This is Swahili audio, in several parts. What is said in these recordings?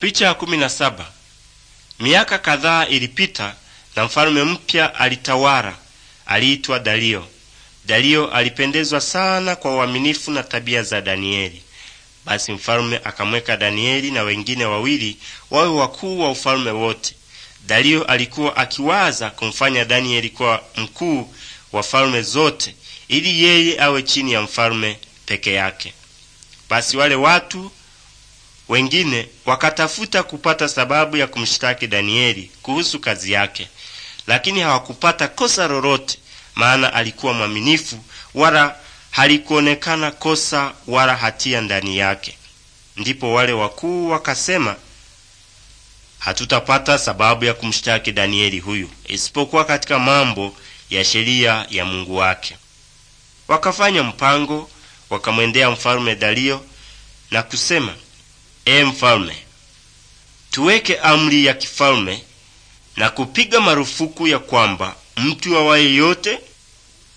Picha ya kumi na saba. Miaka kadhaa ilipita na mfalme mpya alitawala. Aliitwa Dario. Dario alipendezwa sana kwa uaminifu na tabia za Danieli. Basi mfalme akamweka Danieli na wengine wawili wawe wakuu wa ufalme wote. Dario alikuwa akiwaza kumfanya Danieli kuwa mkuu wa falme zote ili yeye awe chini ya mfalme peke yake. Basi wale watu wengine wakatafuta kupata sababu ya kumshtaki Danieli kuhusu kazi yake, lakini hawakupata kosa lolote, maana alikuwa mwaminifu, wala halikuonekana kosa wala hatia ndani yake. Ndipo wale wakuu wakasema, hatutapata sababu ya kumshtaki Danieli huyu isipokuwa katika mambo ya sheria ya Mungu wake. Wakafanya mpango, wakamwendea mfalume Dario na kusema E mfalme, tuweke amri ya kifalme na kupiga marufuku ya kwamba mtu awaye yote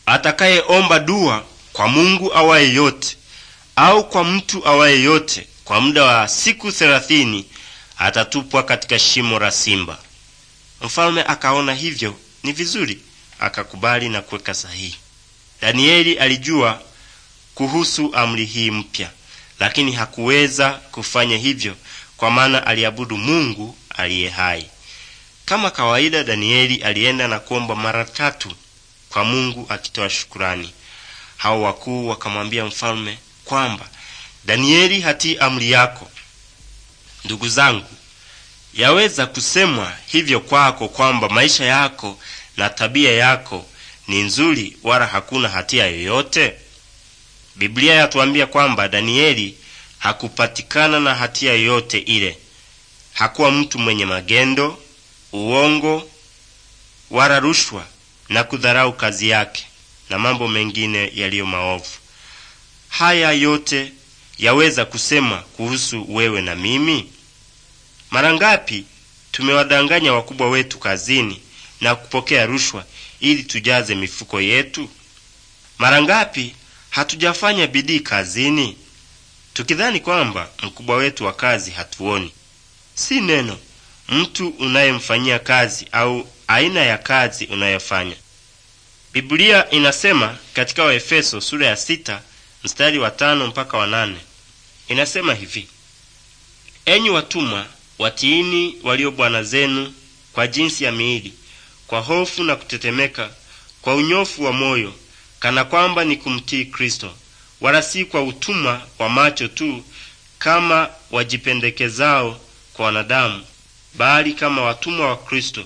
atakayeomba dua kwa Mungu awaye yote au kwa mtu awaye yote kwa muda wa siku thelathini atatupwa katika shimo la simba. Mfalme akaona hivyo ni vizuri, akakubali na kuweka sahihi. Danieli alijua kuhusu amri hii mpya lakini hakuweza kufanya hivyo kwa maana aliabudu Mungu aliye hai. Kama kawaida, Danieli alienda na kuomba mara tatu kwa Mungu akitoa shukurani. Hao wakuu wakamwambia mfalme kwamba Danieli hatii amri yako. Ndugu zangu, yaweza kusemwa hivyo kwako kwamba maisha yako na tabia yako ni nzuri wala hakuna hatia yoyote. Biblia yatuambia kwamba Danieli hakupatikana na hatia yoyote ile. Hakuwa mtu mwenye magendo, uongo wala rushwa na kudharau kazi yake na mambo mengine yaliyo maovu. Haya yote yaweza kusema kuhusu wewe na mimi? Mara ngapi tumewadanganya wakubwa wetu kazini na kupokea rushwa ili tujaze mifuko yetu? Mara ngapi hatujafanya bidii kazini, tukidhani kwamba mkubwa wetu wa kazi hatuoni. Si neno mtu unayemfanyia kazi au aina ya kazi unayofanya. Biblia inasema katika Waefeso sura ya sita mstari wa tano mpaka wa nane inasema hivi: enyi watumwa watiini walio bwana zenu kwa jinsi ya miili, kwa hofu na kutetemeka, kwa unyofu wa moyo, kana kwamba ni kumtii Kristo, wala si kwa utumwa wa macho tu kama wajipendekezao kwa wanadamu, bali kama watumwa wa Kristo,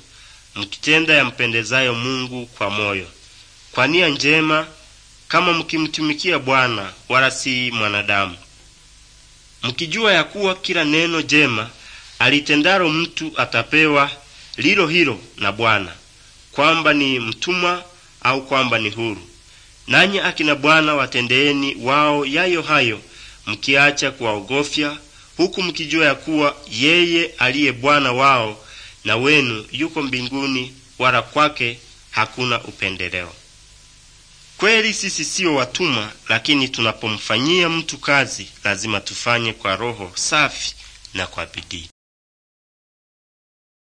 mkitenda yampendezayo Mungu kwa moyo, kwa nia njema, kama mkimtumikia Bwana wala si mwanadamu, mkijua ya kuwa kila neno jema alitendalo mtu atapewa lilo hilo na Bwana, kwamba ni mtumwa au kwamba ni huru. Nanyi akina bwana watendeeni wao yayo hayo, mkiacha kuwaogofya, huku mkijua ya kuwa yeye aliye Bwana wao na wenu yuko mbinguni, wala kwake hakuna upendeleo. Kweli sisi siyo watumwa, lakini tunapomfanyia mtu kazi lazima tufanye kwa roho safi na kwa bidii.